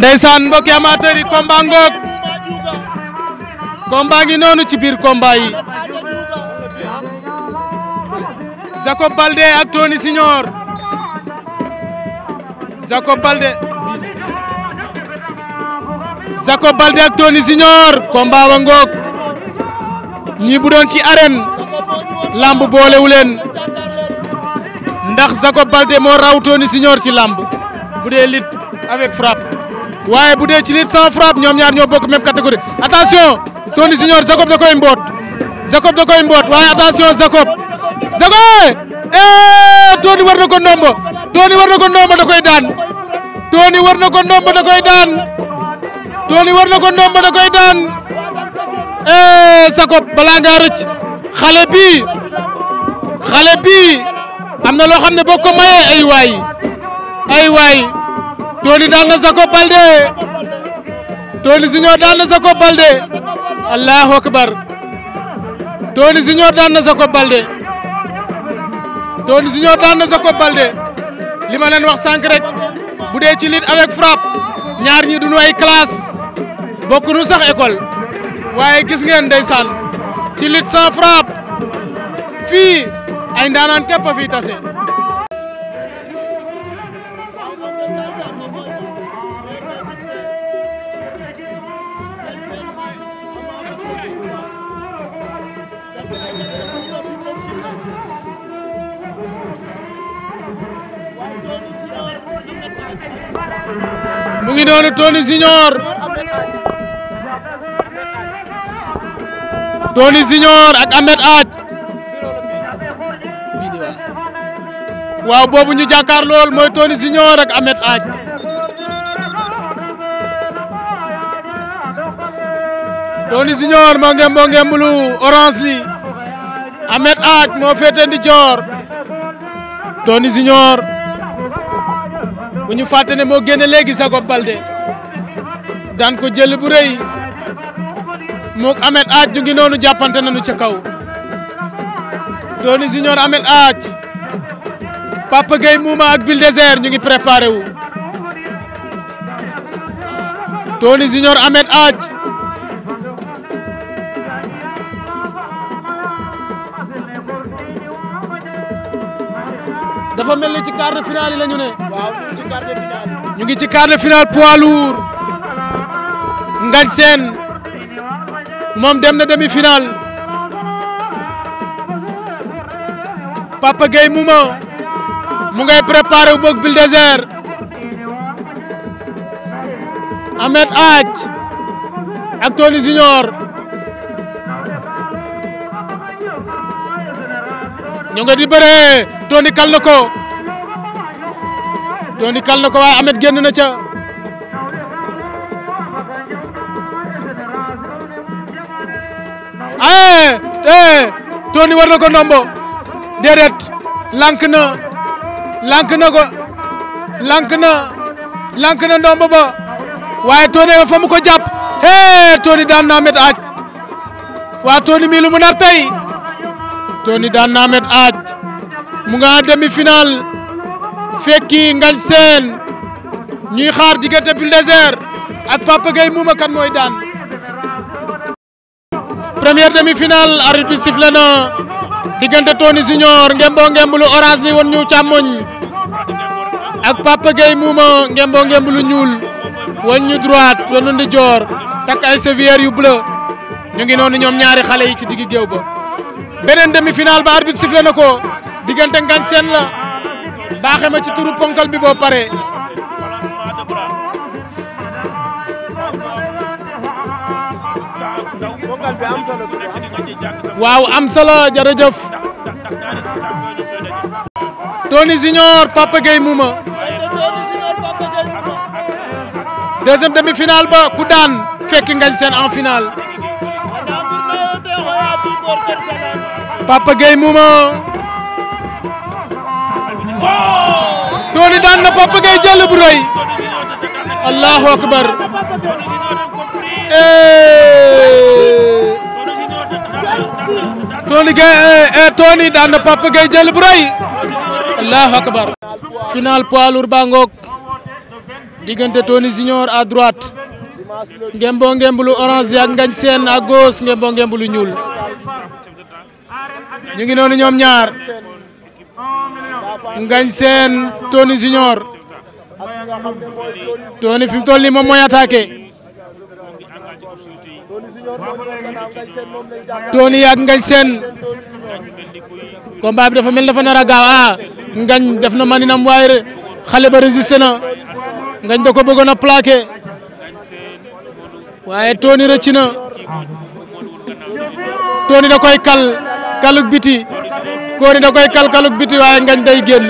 ndeysaan mbokki amateur yi combat ngoog combat ngi noonu ci biir combat yi Jacob Balde ak Tony Signor Jacob Balde Jacob Balde ak Tony Signor combat ngoog ñi doon ci arène lamb boolewu leen ndax Jacob Balde moo raw Tony Signor ci lamb bu dee lit avec frappe waaye bu dee ci lutte sans frappe ñoom ñaar ñoo bokk même catégorie attention Tony Junior Jacob da koy mboot Jacob da koy mboot waaye attention Jacob Jacob eh Tony war na ko ndombo Tony war na ko ndombo da koy daan Tony war na ko ndombo daan Tony na ko ndombo da koy eh, Jacob balaa ngaa rëcc xale bii xale bii am na loo xam ne boo Tony daan na Jacob Baldé Tony Junior daan na Jacob Baldé allahu akbar Tony Junior daan na Jacob Baldé Tony li ma leen wax sànq rek bu dee ci lutte avec frappe ñaar ñi duñu ay classe bokk nu sax école waaye gis ngeen ndeysaan ci lutte sans frappe fii ay ndaanaan képp a tase mu ngi noonu Tony Junior Tony Junior ak Ahmed Aaj waaw boobu ñu jàkkaar lool mooy Tony Junior ak Ahmed Aaj Tony Junior moo ngeem moo ngeem lu orange moo féete ndi joor Tony Junior bu ñu fàtte ne moo génne léegi Jacob Baldé daan ko jël bu rëy moog Ahmed Aaj noonu jàppante nañu ca kaw Doni Junior Ahmed Aaj Papa Gueye ak Bulldozer ñu ngi préparé wu Doni Junior Ahmed Aaj dafa ci quart de finale yi ne. ñu ngi ci quart de finale. ñu ngi ci quart dem na demi finale. Papa Gueye Mouma mu ngay préparé wu bëgg Bulldozer. Ahmed Aaj ak Junior. ñu nga di bëree Tony kal na ko Tony kal na ko waaye Amet génn na ca ay eh, eh Tony war na ko ndombo lank na lank na ko lank na lank na ndombo ba waaye Tony fa mu ko jàpp eh Tony daan na Amet aaj waa Tony mii mu nar tey Tony daan na Amet aaj mu nga demi final fekki ngañ seen ñuy xaar diggante Bulldozer ak Papa Gueye Mouma kan mooy daan première demi-finale arbitre bi na diggante Tony Junior ngemboo ngembulu orange li woon ñu càmmoñ ak Papa Gueye Mouma ngemboo ngembulu ñuul woon ñu droite woon di joor takk ay sévière yu bleu ñu ngi noonu ñoom ñaari xale yi ci digg géew ba beneen demi-finale ba arbitre sifflé na ko diggante ngañ seen la baaxe ma ci turu ponkal bi boo paree waaw am solo jërëjëf Tony Junior Papa Gueye Mouma demi-finale ba ku daan fekk ngañ seen en finale Papa Gueye Tony daan na Papa Gueye jël bu rëy allahu akbar eh. Tony Gueye eh, eh, daan na Papa Gueye jël bu rëy allahu akbar final poids lourd baa diggante Tony Junior à droite ngembo ngembulu orange ak ngañ seen à gauche ngembo ngembulu ñuul ñu noonu ñoom ñaar Ngañ Seen Tony Junior Tony fi mu toll nii moom mooy attaqué Tony ak Ngañ Seen combat bi dafa mel dafa nar a gaaw ah Ngañ def na maninam waaye xale ba résisté na Ngañ da ko bëggoon a plaqué waaye Tony rëcc na Tony kal kaluk biti. Gora da koy kalkaluk biti waaye ngañ day génn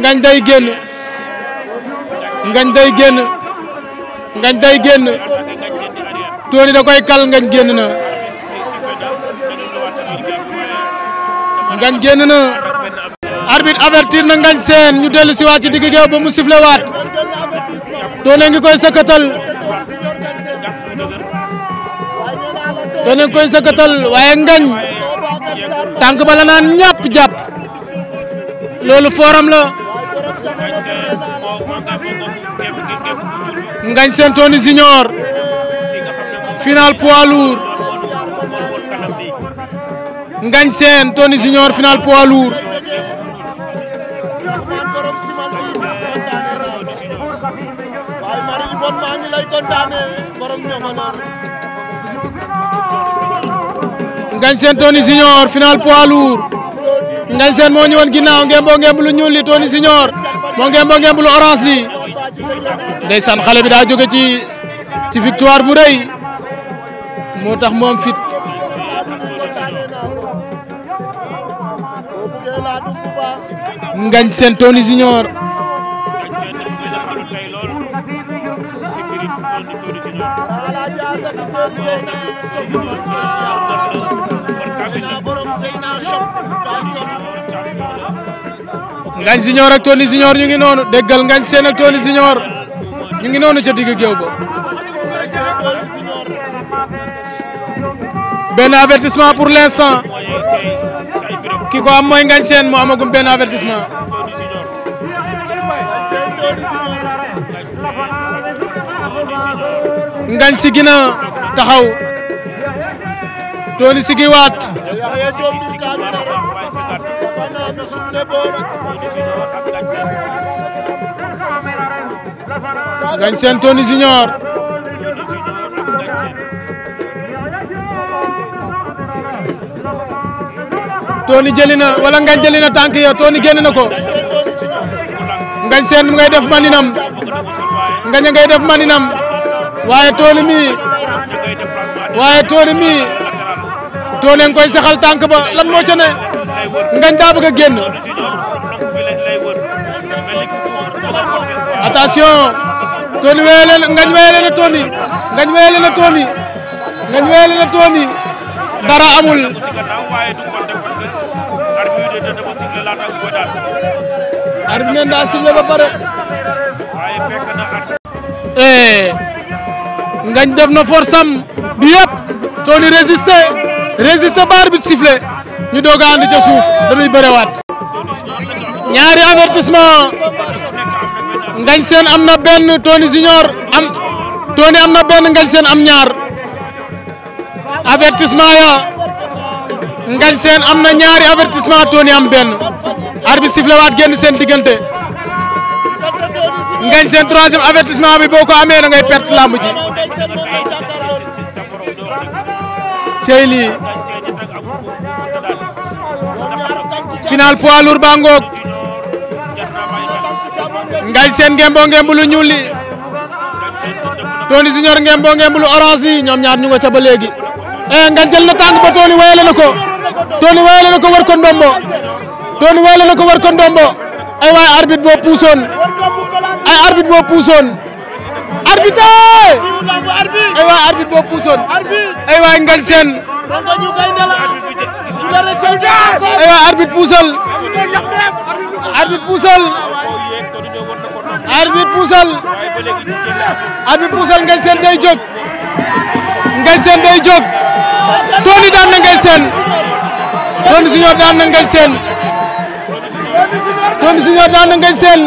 ngañ day génn ngañ day génn génn da koy kal ngañ génn na ngañ génn na arbitre avertir na ngañ seen ñu dellu si waat ci digg géew ba ngi koy sëkkatal waaye ngañ tànk ba la naan ñàpp jàpp loolu fooram la Ngagne Sène Tony Junior final poids Ngagne Sène Tony Junior final poids lourd Ngagne moo ñu woon ginnaaw ngembo ngemb lu ñuul li Tony Junior moo ngembo ngemb lu orange li ndeysaan xale bi daa jóge ci victoire bu rëy moo tax moom fit Ngagne Sène Tony Junior Ngagne Junior ak Tony Junior ñu ngi noonu déggal Ngagne Sène ak Tony Junior ñu ngi noonu ca digg géew ba benn avertissement pour l'instant ki ko am mooy Ngagne Sène mu amagum benn avertissement Ngagne si gina taxaw Tony si gi waat bi sugne boora Ngagne Sène Tony Junior Tony jëli na wala Ngagne jëli na tànk ya Tony génn na ko Ngagne ngay def maninam Ngagne ngay def maninam waaye Tony mi waaye Tony mi Tony nga koy saxal tànk ba lan moo ca ne ngañ daa bëgg a génn attention Tony weyale na ngañ na Tony ngañ weyale na Tony ngañ weyale na Tony dara amul arbitre ne daa sifflé ba pare eh. ngañ def na bi yëpp Tony résisté résisté ba arbitre sifflé ñu doog a andi ca suuf dañuy bërewaat ñaari avertissement ngañ seen am na benn Tony Junior am Tony am na benn ngañ seen am ñaar avertissement ya ngañ seen am na ñaari avertissement Tony am benn arbitre sifflé genn seen diggante ngañ seen troisième avertissement bi boo ko amee da ngay pert làmb ji cey final poids lourd ba ngoog ngembo ngemb lu ñuul li Tony ngembo ngemb lu ñoom ñaar ñu nga ca ba léegi e eh, Ngagne jël na tànk ba Tony wayale na ko Tony wayale na ko war ko ndombo Tony ko war ko ndombo ay waay arbitre boo puusoon ay arbitre boo puusoon arbitre ay waay arbitre boo puusoon ay waay Ngagne Sène aywa arbitre puusal arbitre puusal arbitre puusal arbitre puusal Ngagne day jóg Ngagne Sène day jóg Tony daan na Ngagne Sène Tony Junior daan na Ngagne Sène Tony Junior daan na Ngagne Sène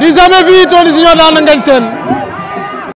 di jamais vu